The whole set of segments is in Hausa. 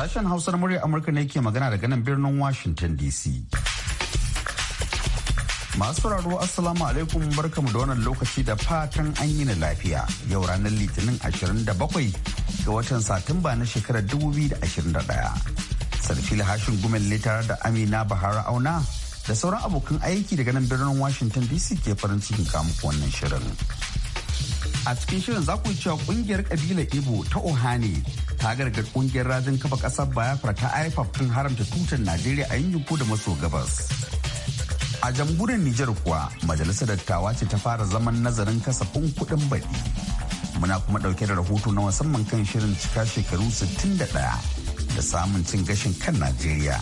Sashen Hausar murya Amurka ne ke magana daga nan birnin Washington DC. Masu sauraro Assalamu alaikum barkamu da wannan lokaci da fatan an yi lafiya. Yau ranar Litinin 27 ga watan Satumba na shekarar 2021. Sarfil hashin gumen tare da Amina Bahara Auna da sauran abokan aiki daga nan birnin Washington DC ke farin cikin kamuka wannan shirin. a cikin shirin za ku yi cewa kungiyar kabilar ibo ta ohane ta gargar kungiyar rajin kafa kasar fara ta ifaf kan haramta tutar najeriya a yin da maso gabas a jamhuriyar nijar kuwa majalisar dattawa ce ta fara zaman nazarin kasafin kuɗin baɗi muna kuma ɗauke da rahoto na musamman kan shirin cika shekaru 61 da samun cin gashin kan najeriya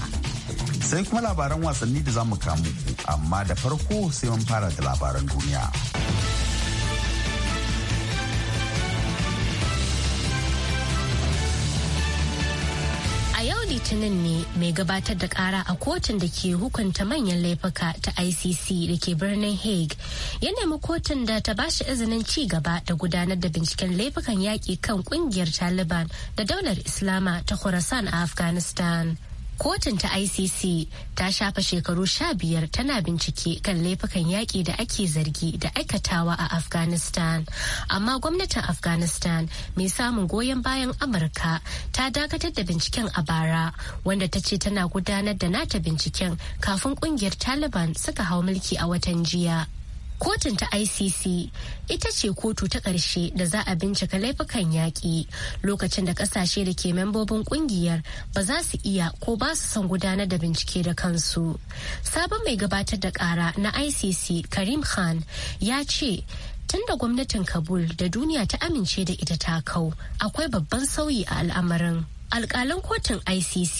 sai kuma labaran wasanni da za mu kamu amma da farko sai mun fara da labaran duniya. litinin ne mai gabatar da kara a kotun da ke hukunta manyan laifuka ta icc da ke birnin hague ya nemi kotun da ta bashi izinin ci gaba da gudanar da binciken laifukan yaƙi kan kungiyar taliban da daular islama ta khorasan a afghanistan kotun ta icc ta shafa shekaru sha biyar tana bincike kan laifukan yaƙi da ake zargi da aikatawa a afghanistan amma gwamnatin afghanistan mai samun goyon bayan amurka ta dakatar da binciken a bara wanda ta ce tana gudanar da nata binciken kafin ƙungiyar taliban suka hau mulki a watan jiya kotun ta icc ita ce kotu ta ƙarshe da za a bincika laifukan yaƙi lokacin da ƙasashe da ke membobin ƙungiyar ba za su iya ko ba su son gudanar da bincike da kansu sabon mai gabatar da ƙara na icc karim khan ya ce tun da gwamnatin kabul da duniya ta amince da ita ta kau akwai babban sauyi a al'amarin alkalan kotun icc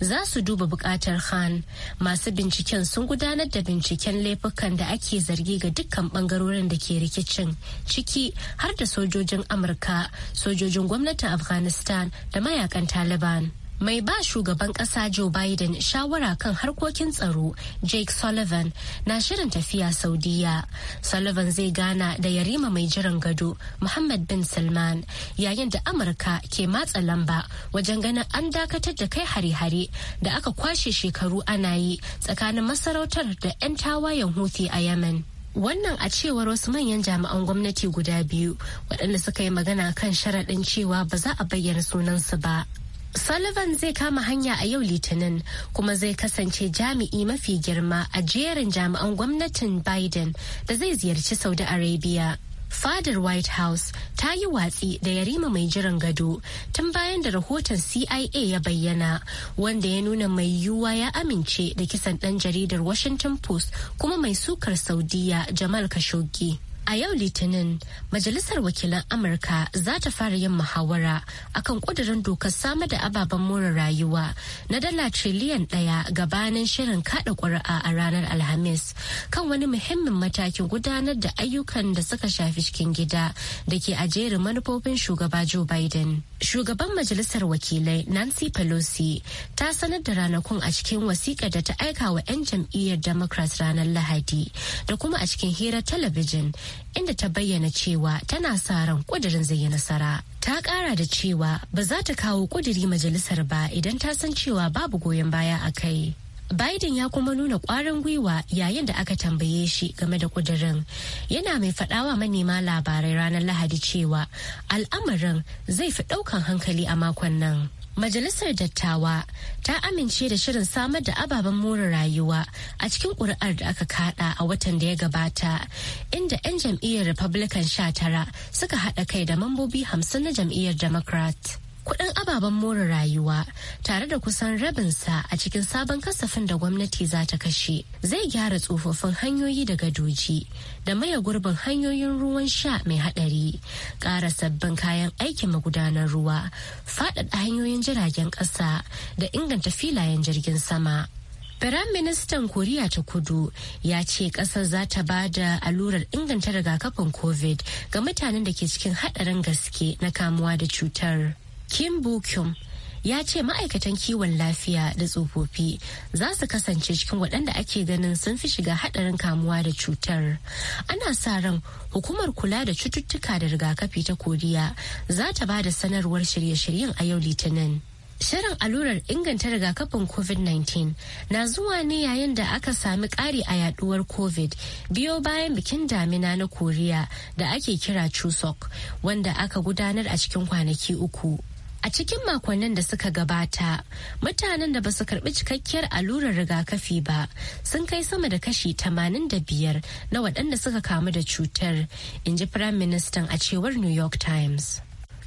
za su duba bukatar khan masu binciken sun gudanar da binciken laifukan da ake zargi ga dukkan bangarorin da ke rikicin ciki har da sojojin amurka sojojin gwamnatin afghanistan da mayakan taliban mai ba shugaban kasa joe biden shawara kan harkokin tsaro jake sullivan na shirin tafiya saudiya sullivan zai gana da yarima mai jiran gado muhammad bin salman yayin da amurka ke matsa lamba wajen ganin an dakatar da kai hare-hare da aka kwashe shekaru ana yi tsakanin masarautar da 'yan tawayen huthi a yemen Wannan a cewar wasu manyan jami'an gwamnati guda biyu waɗanda suka yi magana kan sharaɗin cewa ba za a bayyana sunansu ba. Sullivan zai kama hanya a yau Litinin kuma zai kasance jami'i mafi girma a jerin jami'an gwamnatin Biden da zai ziyarci Saudi Arabia. Fadar White House ta yi watsi da yarima mai jiran gado tun bayan da rahoton CIA ya bayyana wanda ya nuna mai yiwuwa ya amince da kisan ɗan jaridar Washington Post kuma mai sukar Saudiya Jamal Khashoggi. A yau Litinin, Majalisar Wakilan Amurka za ta fara yin muhawara akan kudirin dokar samar da ababen more rayuwa na dala triliyan ɗaya gabanin shirin kada ƙuri'a a ranar Alhamis kan wani muhimmin matakin gudanar da ayyukan da suka shafi cikin gida da ke a jerin manufofin shugaba Joe Biden. Shugaban Majalisar Wakilai Nancy Pelosi ta sanar da ranakun a cikin wasiƙa da ta aika wa 'yan jam'iyyar Democrats ranar Lahadi da kuma a cikin hirar talabijin inda ta bayyana cewa tana sa ran kudirin zai yi nasara. Ta kara da cewa ba za ta kawo kudiri majalisar ba idan ta san cewa babu goyon baya a kai. Biden ya kuma nuna kwarin gwiwa yayin da aka tambaye shi game da kudirin. Yana mai faɗawa manema labarai ranar Lahadi cewa al'amarin zai fi ɗaukan hankali a makon nan. Majalisar Dattawa ta amince da shirin samar da ababen more rayuwa a cikin ƙuri'ar da aka kada a watan da ya gabata inda 'yan jam'iyyar Republican 19 suka haɗa kai da mambobi 50 na jam'iyyar Democrat. kuɗin ababen more rayuwa tare da kusan rabinsa a cikin sabon kasafin da gwamnati za ta kashe zai gyara tsofaffin hanyoyi daga doji da maye gurbin hanyoyin ruwan sha mai haɗari ƙara sabbin kayan aikin magudanar ruwa faɗaɗa hanyoyin jiragen ƙasa da inganta filayen jirgin sama. Firaministan Koriya ta Kudu ya ce ƙasar za ta ba da allurar inganta rigakafin COVID ga mutanen da ke cikin haɗarin gaske na kamuwa da cutar. Kim Bukyum ya ce ma'aikatan kiwon lafiya da tsofaffi za su kasance cikin waɗanda ake ganin sun fi shiga haɗarin kamuwa da cutar. Ana sa ran hukumar kula da cututtuka da rigakafi ta Koriya za ta ba da sanarwar shirye-shiryen a yau Litinin. Shirin alurar inganta rigakafin COVID-19 na zuwa ne yayin da aka sami ƙari a yaduwar COVID biyo bayan bikin damina na Koriya da ake kira Chuseok wanda aka gudanar a cikin kwanaki uku. A cikin makonnin da suka gabata, mutanen da ba su karbi cikakkiyar allurar rigakafi ba sun kai sama da kashi 85 na waɗanda suka kamu da cutar, in ji Firayim Ministan a cewar New York Times.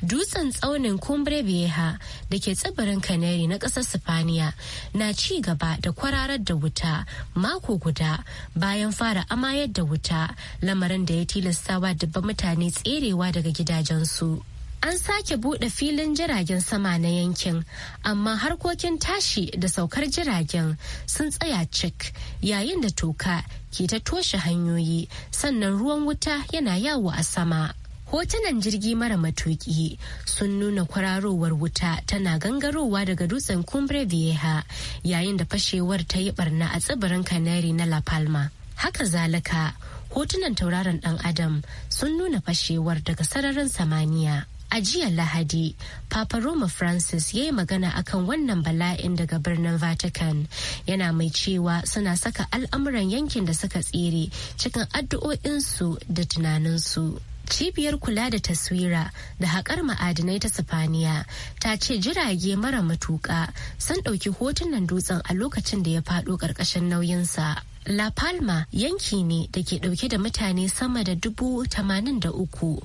Dutsen tsaunin Cumbre Vieja da ke tsibirin Canary na ƙasar Sifaniya na ci gaba da kwararar da wuta mako guda bayan fara amayar da wuta lamarin da ya tilastawa dubban mutane tserewa daga gidajensu. an sake buɗe filin jiragen sama na yankin amma harkokin tashi da saukar jiragen sun tsaya cik yayin da toka ke ta toshe hanyoyi sannan ruwan wuta yana yawo a sama hotunan jirgi mara matuki sun nuna kwararowar wuta tana gangarowa daga dutsen cumbre vieja yayin da fashewar ta yi barna a tsibirin canary na la palma haka zalika hotunan tauraron dan adam sun nuna fashewar daga sararin samaniya A jiya Lahadi, Papa Roma Francis ya yi magana akan wannan bala'in daga birnin Vatican, yana mai cewa suna saka al'amuran yankin da suka tsere cikin addu'o'insu da tunaninsu. Cibiyar kula da taswira da haƙar ma'adinai ta Sifaniya ta ce jirage mara matuƙa sun ɗauki hotunan dutsen a lokacin da ya faɗo ƙarƙashin nauyinsa. La Palma yanki ne da ke dauke da mutane sama da dubu tamanin da uku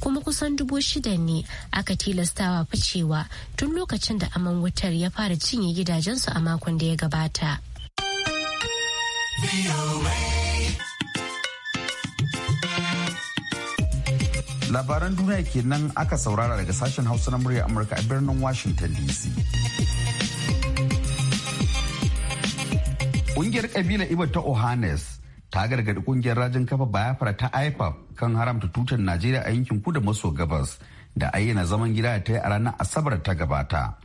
kuma kusan dubu shida ne aka tilastawa ficewa tun lokacin da aman wutar ya fara cinye gidajensu a makon da ya gabata. Labaran duniya kenan aka saurara daga sashen Hausa na murya Amurka a birnin Washington DC. Kungiyar kabilar Ibo ta Ohanes ta gargadi kungiyar rajin kafa bayafra ta IPAP kan haramta tutar Najeriya a yankin kudu maso gabas da ayyana zaman gida ta yi a ranar Asabar ta gabata.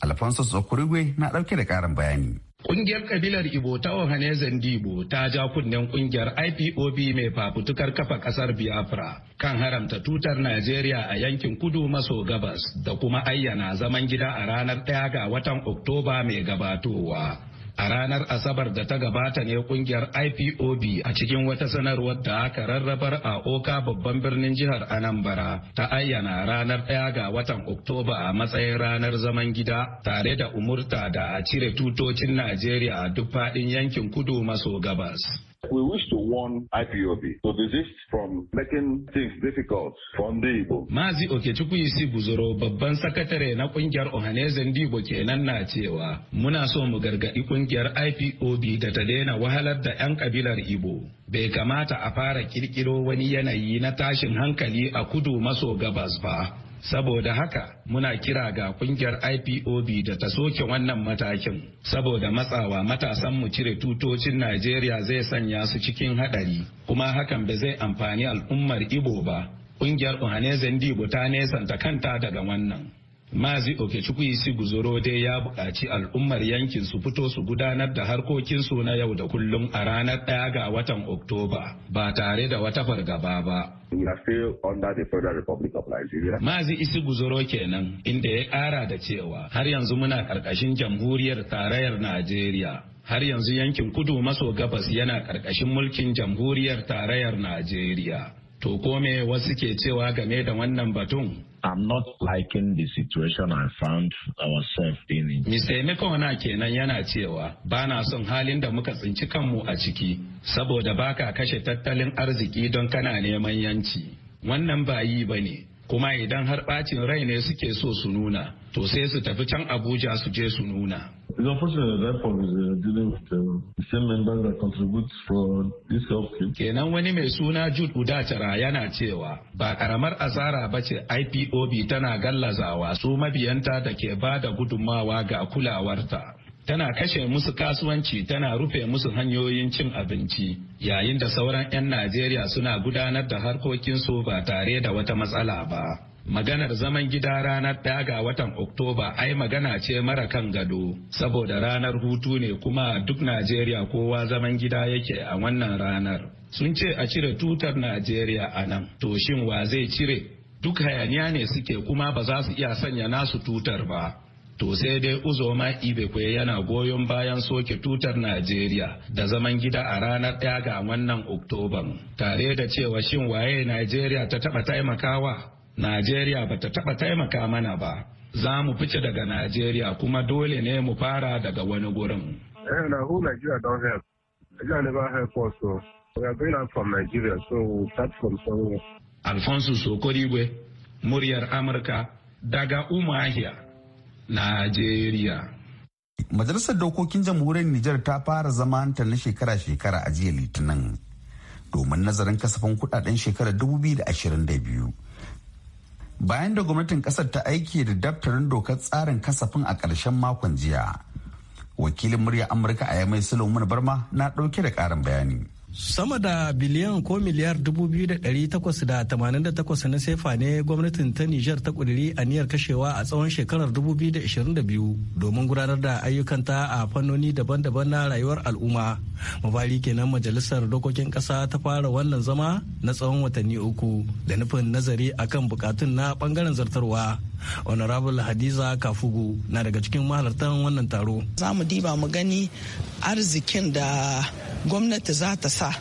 Alfonso Sokurigwe na ɗauke da ƙarin bayani. Kungiyar kabilar Ibo ta Ohanezen Dibo ta ja kunnen kungiyar IPOB mai fafutukar kafa kasar Biafra kan haramta tutar Najeriya a yankin kudu maso gabas da kuma ayyana zaman gida a ranar ɗaya ga watan Oktoba mai gabatowa. A ranar Asabar da ta gabata ne kungiyar IPOB a cikin wata sanarwar da aka rarrabar a Oka babban birnin jihar Anambra ta ayyana ranar ɗaya ga watan Oktoba a matsayin ranar zaman gida tare da umurta da a cire tutocin Najeriya a duk faɗin yankin kudu maso gabas. We wish to warn IPOB to desist from making things difficult for ndị Igbo. Maazị Okechukwu isi guzoro babban sakatare na kungiyar ohaneze ndị Igbo kenan na cewa muna so mu gargaɗi kungiyar IPOB da ta daina wahalar da 'yan kabilar Igbo. Bai kamata a fara kirkiro wani yanayi na tashin hankali a kudu maso gabas ba. Saboda haka muna kira ga kungiyar IPOB da ta soke wannan matakin saboda matsawa matasan mu cire tutocin Najeriya zai sanya su cikin hadari kuma hakan ba zai amfani al'ummar Igbo ba. Kungiyar Ohanezen Dibu ta nesanta kanta daga wannan. Mazi Okechukwu isi guzoro dai ya buƙaci al'ummar yankin su fito su gudanar da harkokinsu na yau da kullum a ranar ɗaya ga watan Oktoba ba tare da wata fargaba ba. Mazi isi guzoro kenan inda ya ƙara da cewa har yanzu muna karkashin jamhuriyar tarayyar Najeriya. Har yanzu yankin kudu maso gabas yana ƙarƙashin mulkin jamhuriyar tarayyar Najeriya. To kome wasu ke cewa game da wannan batun? I'm not liking the situation I found ourselves in. Mr. Emeka kenan yana cewa ba na son halin da muka tsinci kanmu a ciki saboda baka kashe tattalin arziki don kana neman yanci. Wannan ba yi ba ne. kuma idan har ɓacin rai ne suke so su nuna to sai su tafi can abuja su je su nuna unfortunate is uh, dealing with um, the same members that contribute for Kenan wani mai suna Jude Udatara yana cewa ba karamar asara ba ce IPOB tana gallazawa su mabiyanta da ke ba da gudunmawa ga kulawarta. tana kashe musu kasuwanci tana rufe musu hanyoyin cin abinci yayin da sauran 'yan Najeriya suna gudanar da harkokinsu ba tare da wata matsala ba. Maganar zaman gida ranar ɗaya ga watan Oktoba ai magana ce mara kan gado, saboda ranar hutu ne kuma duk Najeriya kowa zaman gida yake a wannan ranar. Sun ce a cire tutar Najeriya a nan, to shin wa zai cire? Duk hayaniya ne suke kuma ba za su iya sanya nasu tutar ba. to sai dai uzoma ibekwe yana goyon bayan soke tutar najeriya da zaman gida a ranar ɗaya ga wannan oktoban tare da cewa shin waye najeriya ta taɓa taimakawa najeriya ba ta taɓa taimaka mana ba za mu fice daga najeriya kuma dole ne mu fara daga wani gurin Alfonso Sokorigwe, muryar Amurka, daga Umahia. Najeriya. Majalisar Dokokin Jamhuriyar Nijar ta fara zamanta na shekara-shekara a jiya Litinin domin nazarin kasafin kudaden shekarar 2022. Bayan da gwamnatin kasar ta aiki da daftarin dokar tsarin kasafin a ƙarshen makon jiya, wakilin murya Amurka a Yamai Solomon Barma na ɗauke da ƙarin bayani. sama da biliyan ko miliyar 2,888 na sefa ne gwamnatin ta Nijar ta a niyar kashewa a tsawon shekarar 2022 domin gudanar da ayyukanta a fannoni daban-daban na rayuwar al'umma. Mabari kenan majalisar dokokin ƙasa ta fara wannan zama na tsawon watanni uku da nufin nazari akan bukatun na bangaren zartarwa. Honorable Hadiza Kafugu na daga cikin mahalartan wannan taro. Za mu diba mu gani arzikin da gwamnati za ta sa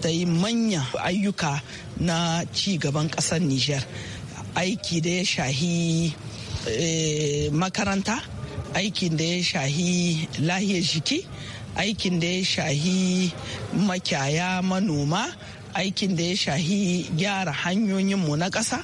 ta yi manya ayyuka na ci gaban ƙasar Nijar. Aiki da ya shahi eh, makaranta, aikin da ya shahi lahiyar jiki, aikin da ya shahi makyaya manoma, aikin da ya shahi gyara hanyoyinmu na ƙasa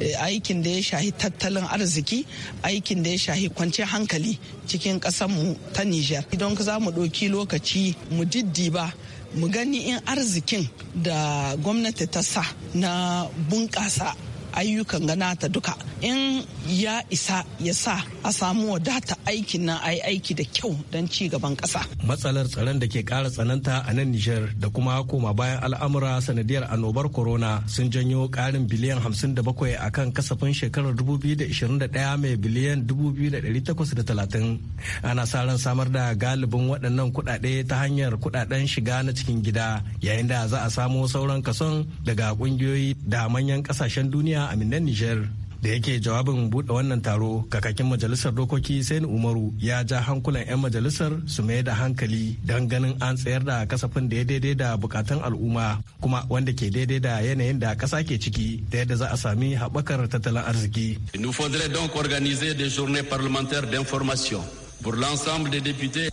Eh, aikin da ya shahi tattalin arziki aikin da ya shahi kwanciyar hankali cikin mu ta Nijar. Idan za mu ɗauki lokaci mu diddiba mu gani in arzikin da gwamnati ta sa na bunƙasa ayyukan ganata duka in ya isa ya sa a samu wadata aikin nan ai aiki da kyau don ci gaban ƙasa. matsalar tsaron da ke kara tsananta a nan nijar da kuma koma bayan al'amura sanadiyar annobar corona sun janyo karin biliyan 57 a kan kasafin shekarar 2021 mai biliyan 2,830 ana sa ran samar da galibin waɗannan kuɗaɗe ta hanyar kuɗaɗen shiga na cikin gida yayin da za a samo sauran kason daga ƙungiyoyi da manyan ƙasashen duniya aminan Nijar. da yake jawabin buɗe wannan taro kakakin majalisar dokoki sain umaru ya ja hankulan 'yan majalisar su mai da hankali don ganin an tsayar da kasafin da ya daidai da bukatan al'umma kuma wanda ke daidai da yanayin da ƙasa ke ciki da yadda za a sami haɓakar tattalin arziki. Nous faudrait donc organiser des journées parlementaires d'information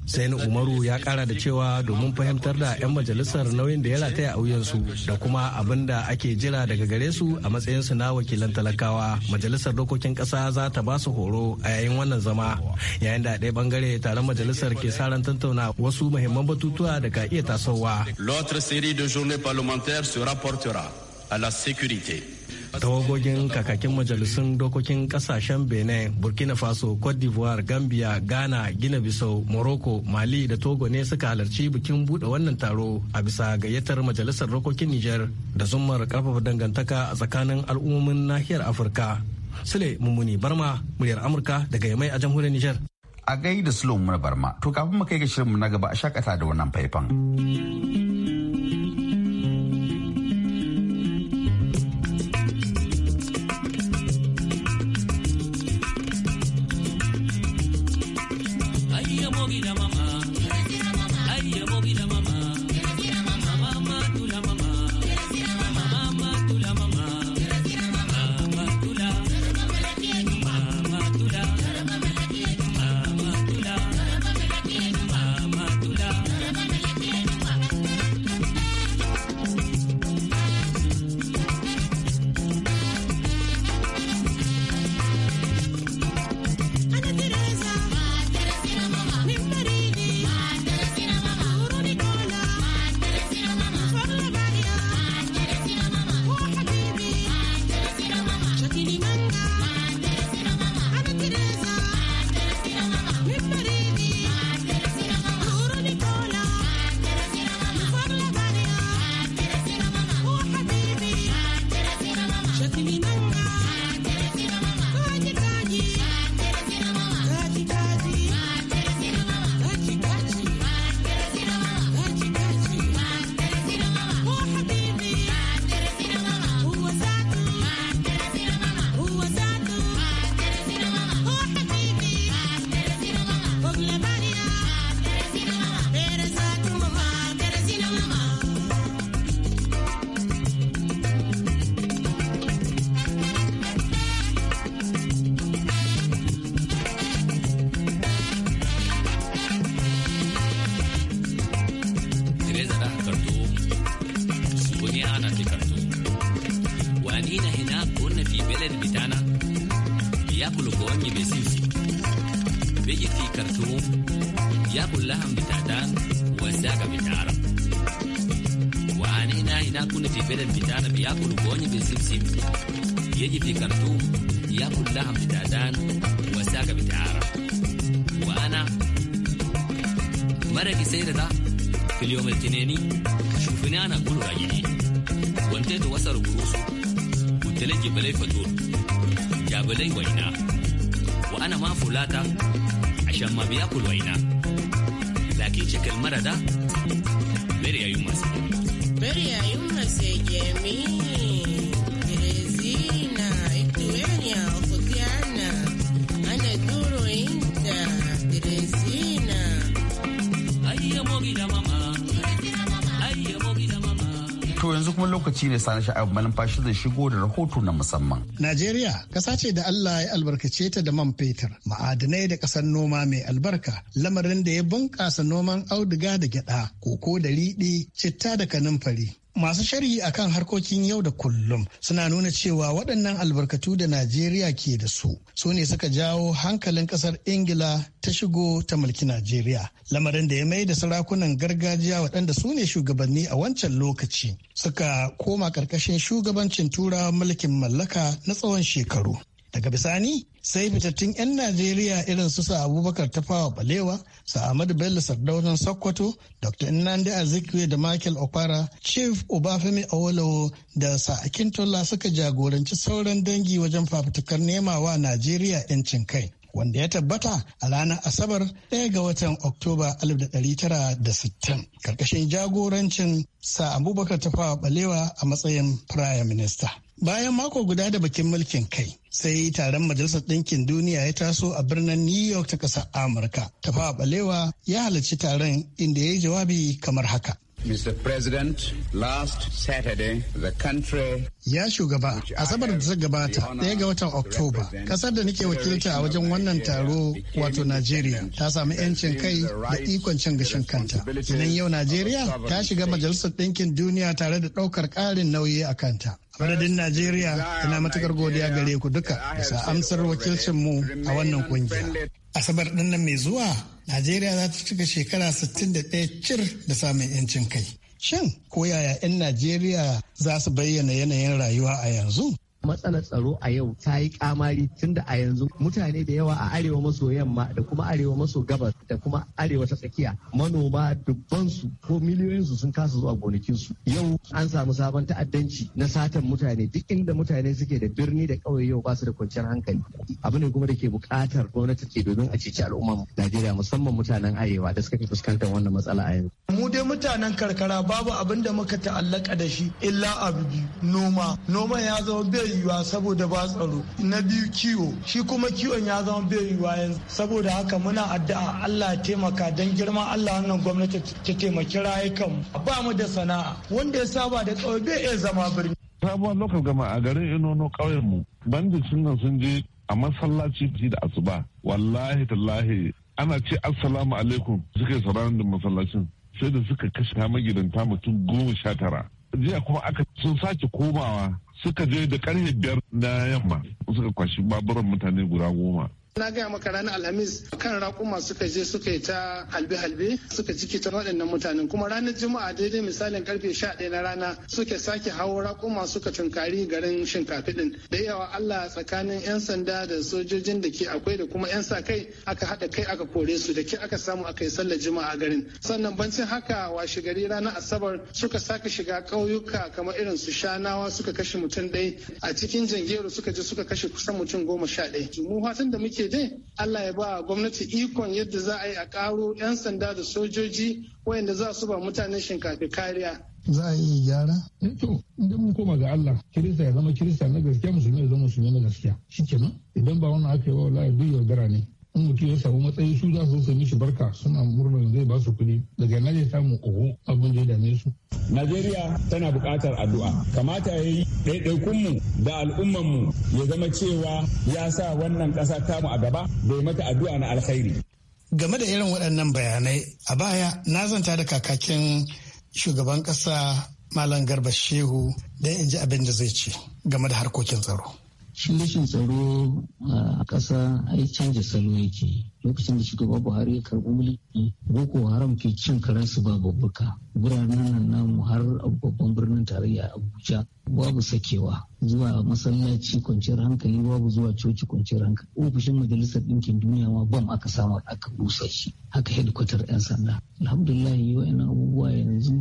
Saini Umaru ya kara da cewa domin fahimtar da 'yan majalisar nauyin da ya rataya a wuyansu da kuma abin da ake jira daga gare su a matsayinsu na wakilan talakawa. Majalisar dokokin kasa za ta ba su horo a yayin wannan zama. Yayin da ɗaya bangare taron majalisar ke sa ran tantauna wasu muhimman batutuwa da ka iya tasowa. L'autre série de journée parlementaire se rapportera à la sécurité. tawagogin kakakin majalisun dokokin kasashen benin burkina faso cote d'ivoire gambia ghana gina bissau morocco mali da togo ne suka halarci bikin bude wannan taro a bisa gayyatar majalisar dokokin niger da zummar karfafa dangantaka a tsakanin al'ummomin nahiyar afirka sule mummuni barma muryar amurka daga yamai a jamhuriyar niger a gaida sulon barma to kafin mu kai ga shirinmu na gaba a shakata da wannan faifan Mara kisayirda filiyoom iltineeni shufinaana gulu raajini wanteetu wasar guruusu guttele jibalay fatuur jaabalay waynaa wa ana maa fulaata عشان ما بياكل ويناه لكن شكل مرة ده بريا يما سيجي بريا يما سيجي To yanzu kuma lokaci ne sani sha'ab malumfashi zai shigo da rahoto na musamman. Najeriya kasa ce da Allah ya albarkace ta da man fetur, ma'adinai da kasar noma mai albarka, lamarin da ya bunƙasa noman auduga da gyada, koko da riɗi, citta da kanumfari. Masu sharhi kan harkokin yau da kullum suna nuna cewa waɗannan albarkatu da Najeriya ke da su su ne suka jawo hankalin ƙasar Ingila ta shigo ta mulki Najeriya. Lamarin da ya mai da sarakunan gargajiya waɗanda su ne shugabanni a wancan lokaci suka koma ƙarƙashin shugabancin turawa mulkin mallaka na tsawon shekaru. daga bisani sai fitattun 'yan najeriya irin su sa abubakar tafawa balewa sa ahmadu bello sardaunan sokoto dr nnamdi azikiwe da michael okwara chief obafemi awolowo da sa akintola suka jagoranci sauran dangi wajen fafutukar nema wa najeriya 'yancin kai wanda ya tabbata a ranar Asabar ɗaya ga watan Oktoba 1960 karkashin jagorancin sa Abubakar Tafawa Balewa a matsayin Prime Minister. Bayan mako guda da bakin mulkin kai, sai taron Majalisar Ɗinkin Duniya ya taso a birnin New York ta ƙasar Amurka. Tafawa Balewa ya halarci taron inda ya yi jawabi kamar haka. Mr. President, last Saturday, the country Ya shugaba, Asabar da ta gabata ɗaya ga watan Oktoba, ƙasar da nake wakilta a wajen wannan taro wato Najeriya ta samu 'yancin kai da ikon cin gashin kanta. Idan yau Najeriya ta shiga Majalisar Ɗinkin Duniya tare da ɗaukar ƙarin nauyi a kanta. madadin Najeriya ina matukar godiya gare ku duka da sa amsar wakilcinmu a wannan ƙungiya. asabar ɗin nan mai zuwa najeriya za ta cika shekara 61 cir da samun 'yancin kai shin ko yaya 'yan najeriya za su bayyana yanayin rayuwa a yanzu matsalar tsaro a yau ta yi kamari tunda a yanzu mutane da yawa a arewa maso yamma da kuma arewa maso gabas da kuma arewa ta tsakiya manoma dubbansu ko miliyoyinsu sun kasa zuwa gonakinsu yau an samu sabon ta'addanci na satan mutane duk inda mutane suke da birni da ƙauye yau ba su da kwanciyar hankali abu ne kuma da ke buƙatar gwamnati ke domin a ceci al'umman Najeriya musamman mutanen arewa da suka fi fuskantar wannan matsala a yanzu. Mu dai mutanen karkara babu abin da muka ta'allaka da shi illa abu noma noma ya zama yiwa saboda ba tsaro na biyu kiwo shi kuma kiwon ya zama bai yiwa yanzu saboda haka muna addu'a Allah ya taimaka don girma Allah wannan gwamnati ta taimaki rayukan ba mu da sana'a wanda ya saba da tsaro bai iya zama birni sabuwar lokal gama a garin inono kauyen mu bandicin nan sun je a masallaci da asuba wallahi tallahi ana ce assalamu alaikum suka yi da masallacin sai da suka kashe magidanta mutum goma sha tara jiya kuma aka sun sake komawa suka je da karfe biyar na yamma suka kwashi baburan mutane guda goma Na gaya maka ranar Alhamis kan raƙuma suka je suka yi ta halbe-halbe suka ciki ta waɗannan mutanen kuma ranar Juma'a daidai misalin karfe ɗaya na rana suke sake hawo raƙuma suka tunkari garin shinkafi ɗin. Da yawa Allah tsakanin 'yan sanda da sojojin da ke akwai da kuma 'yan sa kai aka haɗa kai aka kore su da ke aka samu aka yi sallar Juma'a garin. Sannan bancin haka washe gari ranar Asabar suka sake shiga ƙauyuka kamar irin su Shanawa suka kashe mutum ɗaya a cikin Jangeru suka je suka kashe kusan mutum goma sha ɗaya. Mu da muke ce dai Allah ya ba gwamnati ikon yadda za a yi a karo 'yan sanda da sojoji wayanda za su ba mutane shinkafi kariya. Za a yi gyara? Eh, to, inda mun koma ga Allah, Kirista ya zama Kirista na gaskiya, Musulmi ya zama Musulmi na gaskiya. Shi kenan, idan ba wannan aka yi wa wallahi duk yaudara ne. in mutum ya samu matsayi su za su su mishi barka suna murnar zai ba su kuɗi daga nan ya samu oho abin da ya dame su. Najeriya tana buƙatar addu'a kamata ya yi ɗaiɗaikunmu da al'ummanmu ya zama cewa ya sa wannan ƙasa tamu a gaba bai mata addu'a na alkhairi. Game da irin waɗannan bayanai a baya na zanta da kakakin shugaban ƙasa Malam Garba Shehu don in ji abin da zai ce game da harkokin tsaro. shi rashin tsaro a ƙasa ai canja salo yake lokacin da shugaba buhari ya karɓi mulki boko haram ke cin karansu ba babbuka biranen nan namu har babban birnin tarayya abuja babu sakewa zuwa masallaci kwanciyar hankali babu zuwa coci kwanciyar hankali ofishin majalisar ɗinkin duniya ma bam aka samu aka busa shi haka hedkwatar 'yan sanda alhamdulillah wa'in abubuwa yanzu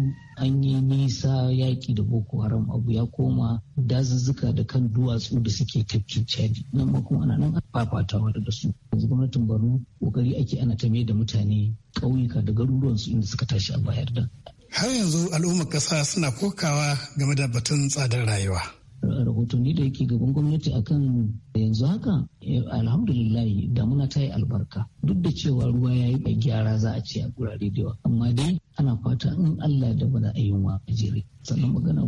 an yi nisa yaƙi da boko haram abu ya koma dazuzzuka da kan duwatsu da suke tafkin cadi nan ma kuma ana nan fafatawa da su yanzu gwamnatin borno kokari ake ana ta da mutane ƙauyuka da garuruwansu inda suka tashi a bayar da har yanzu al'ummar ƙasa suna kokawa game da batun tsadar rayuwa rahotanni da yake gaban gwamnati akan yanzu haka eh, alhamdulillah damuna ta yi albarka duk da cewa ruwa ya yi mai gyara za a ce a gurare da yawa amma dai ana fata in allah da bana a yunwa a jere sannan magana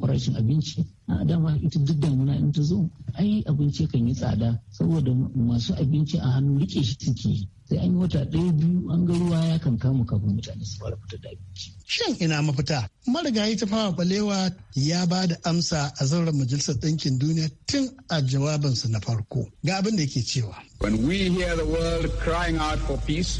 farashin abinci a dama ita duk damuna in ta zo ai abinci kan yi tsada saboda masu abinci a hannu rike shi ciki. sai an yi wata ɗaya biyu an ga ruwa ya kan kama kafin mutane su fara fita da abinci. Shin ina mafita? Marigayi ta fama balewa ya ba da amsa a zauren majalisar ɗinkin duniya tun a jawabin shirinsu na farko. Ga abin da yake cewa.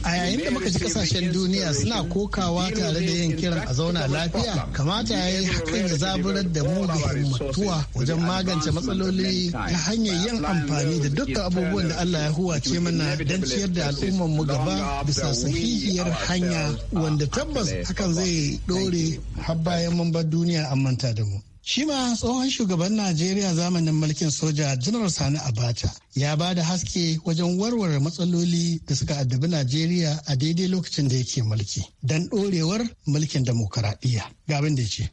A yayin da muka ji kasashen duniya suna kokawa tare da yin kiran a zauna lafiya, kamata ya yi hakan ya zaburar da mu da himmatuwa wajen magance matsaloli ta hanyar yin amfani da duka abubuwan da Allah ya huwace mana don ciyar da al'ummar mu gaba bisa sahihiyar hanya wanda tabbas hakan zai dore har bayan mun duniya an manta da mu. Shi ma tsohon shugaban Najeriya zamanin mulkin soja Janar Sani Abacha ya ba da haske wajen warware matsaloli da suka addabi Najeriya a daidai lokacin da yake mulki don ɗorewar mulkin demokuraɗiyya. Ga abin da ya ce.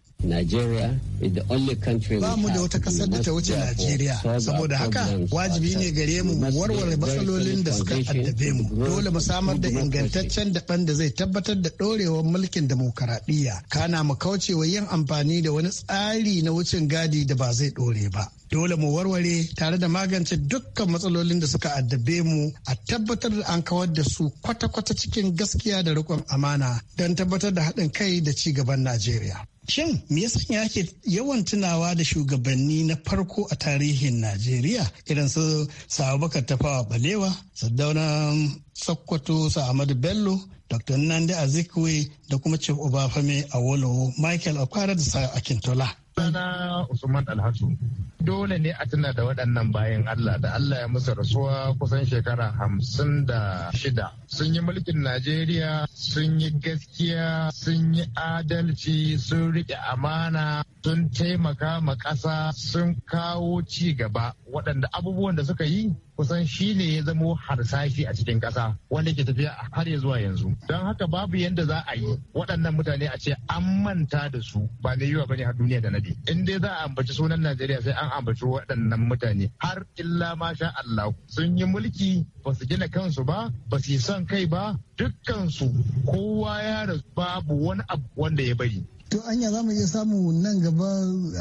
Ba mu da wata kasar da ta wuce Najeriya, saboda haka wajibi ne gare mu warware matsalolin da suka addabe mu. Dole mu samar da ingantaccen daban da zai tabbatar da ɗorewar mulkin demokaradiyya. Kana mu kaucewa yin amfani da wani tsari na wucin gadi da ba zai ɗore ba. dole mu warware tare da magance dukkan matsalolin da suka addabe mu a tabbatar da an kawar da su kwata-kwata cikin gaskiya da rikon amana don tabbatar da haɗin kai da ci gaban Najeriya. Shin me yasa ya yawan tunawa da shugabanni na farko a tarihin Najeriya irin su Sa'abakar Tafawa Balewa, sadauna Sokoto Sa'amadu Bello, Dr. Nnamdi Azikiwe, da kuma Chief Obafemi Awolowo, Michael Okwara da Sayo Akintola. Sana Usman Alhassu dole ne a tuna da waɗannan bayan Allah da Allah ya musu rasuwa kusan shekara hamsin da shida. Sun yi mulkin Najeriya, sun yi gaskiya, sun yi adalci, sun riƙe amana, sun taimaka ma ƙasa, sun kawo ci gaba waɗanda abubuwan da suka yi kusan shi ne ya zamo harsashi a cikin ƙasa wanda ke tafiya har ya zuwa yanzu don haka babu yadda za a yi waɗannan mutane a ce an manta da su ba na yiwa bane har duniya da nadi in dai za a ambaci sunan najeriya sai an ambaci waɗannan mutane har illa sha allah sun yi mulki ba su gina kansu ba ba su yi son kai ba dukkansu kowa ya rasu babu wani abu wanda ya bari To anya za mu iya samu nan gaba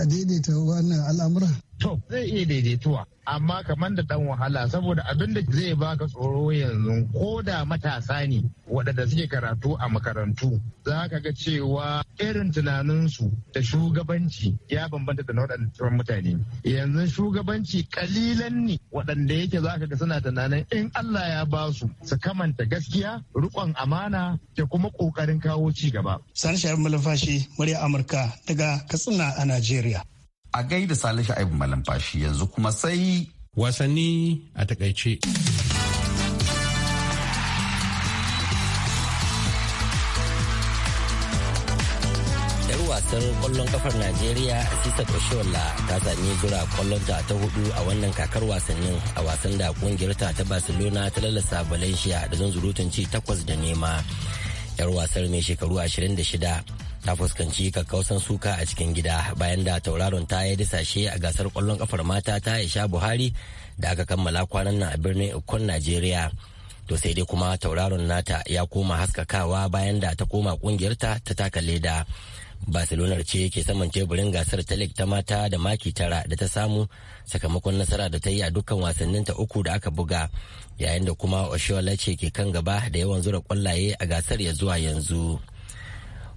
a daidaita wannan al'amura? to zai iya daidaituwa amma kamar da dan wahala saboda abin da zai baka tsoro yanzu ko da matasa ne waɗanda suke karatu a makarantu za ka ga cewa irin tunaninsu da shugabanci ya bambanta da waɗannan mutane yanzu shugabanci kalilan ne waɗanda yake za ka ga suna tunanin in Allah ya ba su su kamanta gaskiya rikon amana da kuma ƙoƙarin kawo ci gaba. Sani Shahar Malafashi, murya Amurka daga Katsina a Najeriya. A gaida Salihu Aibu Malamfashi yanzu kuma sai. Wasanni a takaice. wasan kwallon kafar Najeriya Sisa Oshola ta sami zura kwallonta ta hudu a wannan kakar wasannin a wasan da kungiyarta ta Barcelona ta lalasa Valencia da zanzurutun ci takwas da nema. 'Yar wasar mai shekaru 26 ta fuskanci kakkausan suka a cikin gida bayan da tauraron ta ya disashe a gasar kwallon kafar mata ta sha Buhari da aka kammala kwanan nan a birnin Ikon Najeriya. To sai dai kuma tauraron nata ya koma haskakawa bayan da ta koma kungiyarta ta taka leda. Barcelona ce ke saman teburin gasar ta ta mata da maki tara da ta samu sakamakon nasara da ta yi a dukkan wasannin ta uku da aka buga yayin da kuma Oshola ce ke kan gaba da yawan zura kwallaye a gasar ya zuwa yanzu.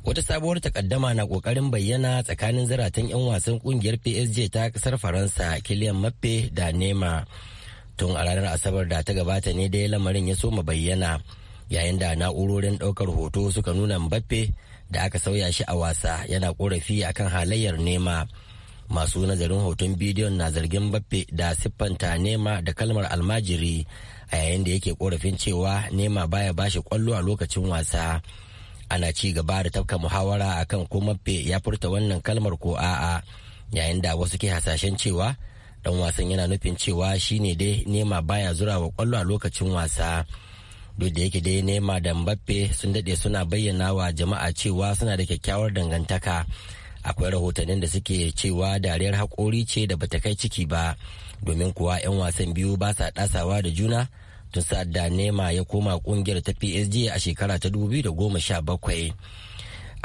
wata sabuwar takaddama na kokarin bayyana tsakanin zaratan 'yan wasan kungiyar psg ta kasar faransa kiliyan mappe da nema tun a ranar asabar da ta gabata ne dai lamarin ya soma bayyana yayin da na'urorin daukar hoto suka nuna mbappe da aka sauya shi a wasa yana korafi akan halayyar nema masu nazarin hoton bidiyon na zargin mbappe da siffanta nema da kalmar almajiri a yayin da yake korafin cewa nema baya bashi kwallo a lokacin wasa ana ci gaba da tafka muhawara akan ko maffe ya furta wannan kalmar ko a'a yayin da wasu ke hasashen cewa dan wasan yana nufin cewa shine dai nema baya zura wa kwallo a lokacin wasa duk da yake dai nema da mbappe sun dade suna bayyana wa jama'a cewa suna da kyakkyawar dangantaka akwai rahotannin da suke cewa dariyar hakori ce da bata kai ciki ba domin kuwa 'yan wasan biyu ba sa ɗasawa da juna tun sa'ad da nema ya koma kungiyar ta psg a shekara ta 2017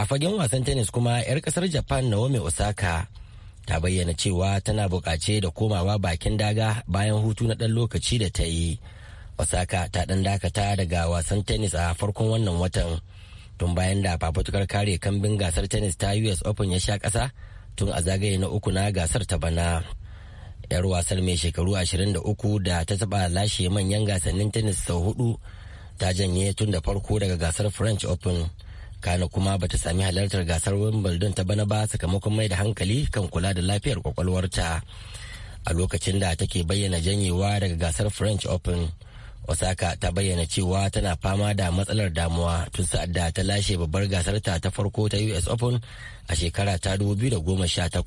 a fagen wasan tennis kuma 'yar kasar japan naomi osaka ta bayyana cewa tana bukace da komawa bakin daga bayan hutu na dan lokaci da ta yi osaka ta dan dakata daga wasan tennis a farkon wannan watan tun bayan da fafutukar kare kambin gasar tennis ta us open ya sha kasa tun a zagaye na uku na gasar ta bana 'yar wasar mai shekaru 23 da ta taba lashe manyan gasannin tennis sau hudu ta janye tun da farko daga gasar french open kana kuma bata sami halartar gasar wimbledon ta bana ba sakamakon mai da hankali kan kula da lafiyar kwakwalwarta a lokacin da take bayyana janyewa daga gasar french open osaka ta bayyana cewa tana fama da matsalar damuwa tun sa'ad da ta lashe babbar gasar ta ta farko ta us open a shekara ta 2018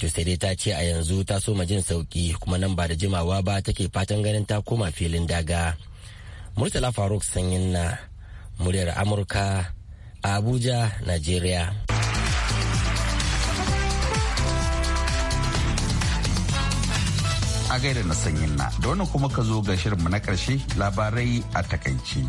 dai ta ce a yanzu ta soma jin sauki kuma nan ba da jimawa ba take fatan ganin ta koma filin daga. Murtala Faruk sanyin na muryar Amurka Abuja, Najeriya. A gaida na sanyin na, da wani kuma ka zo ga shirinmu na ƙarshe labarai a takaici.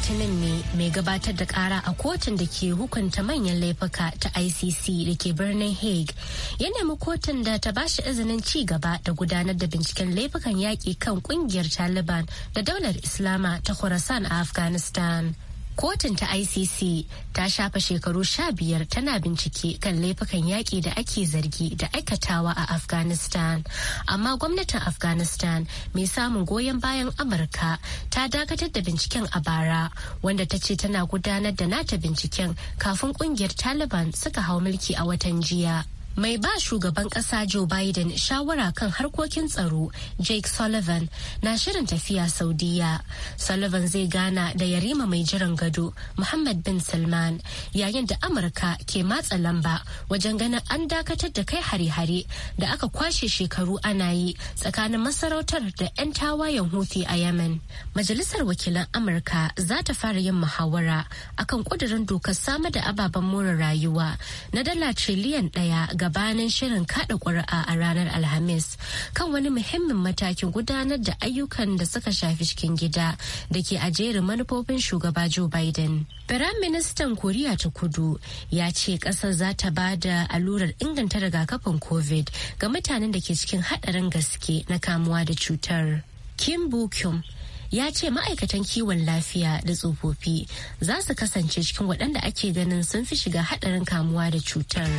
litinin ne mai gabatar da kara a kotun da ke hukunta manyan laifuka ta icc da ke birnin hague ya nemi kotun da ta bashi izinin ci gaba da gudanar da binciken laifukan yaƙi kan kungiyar taliban da daular islama ta khorasan a afghanistan kotun ta icc ta shafa shekaru sha biyar tana bincike kan laifukan yaƙi da ake zargi da aikatawa a afghanistan amma gwamnatin afghanistan mai samun goyon bayan amurka ta dakatar da binciken a bara wanda ta ce tana gudanar da nata binciken kafin ƙungiyar taliban suka hau mulki a watan jiya mai ba shugaban kasa joe biden shawara kan harkokin tsaro jake sullivan na shirin tafiya saudiya sullivan zai gana da yarima mai jiran gado muhammad bin salman yayin da amurka ke matsa lamba wajen ganin an dakatar da kai hare-hare da aka kwashe shekaru ana yi tsakanin masarautar da 'yan tawayen hutu a yemen majalisar wakilan amurka za ta fara yin muhawara akan kudurin dokar samar da ababen more rayuwa na dala triliyan daya ga gabanin shirin kada ƙuri'a a ranar Alhamis kan wani muhimmin matakin gudanar da ayyukan da suka shafi cikin gida da ke ajerin manufofin shugaba Joe Biden. Firaministan Koriya ta Kudu ya ce ƙasar za ta ba da allurar inganta rigakafin COVID ga mutanen da ke cikin haɗarin gaske na kamuwa da cutar. Kim bukum ya ce ma'aikatan kiwon lafiya da tsofaffi za su kasance cikin waɗanda ake ganin sun fi shiga haɗarin kamuwa da cutar.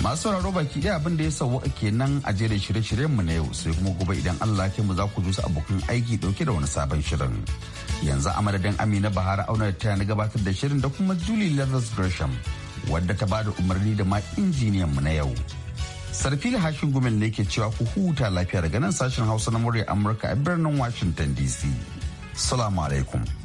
masu sauraro baki ɗaya abin da ya sauwa kenan a jere shirye-shiryen mu na yau sai kuma gobe idan Allah ya mu za ku su abokan aiki ɗauke da wani sabon shirin yanzu a madadin Amina Bahara auna da tana gabatar da shirin da kuma Julie Lazarus Gresham wadda ta bada umarni da ma injiniyan mu na yau Sarfil Hashin Gumel ne ke cewa ku huta lafiya daga nan sashen Hausa na murya Amurka a birnin Washington DC. Salamu alaikum.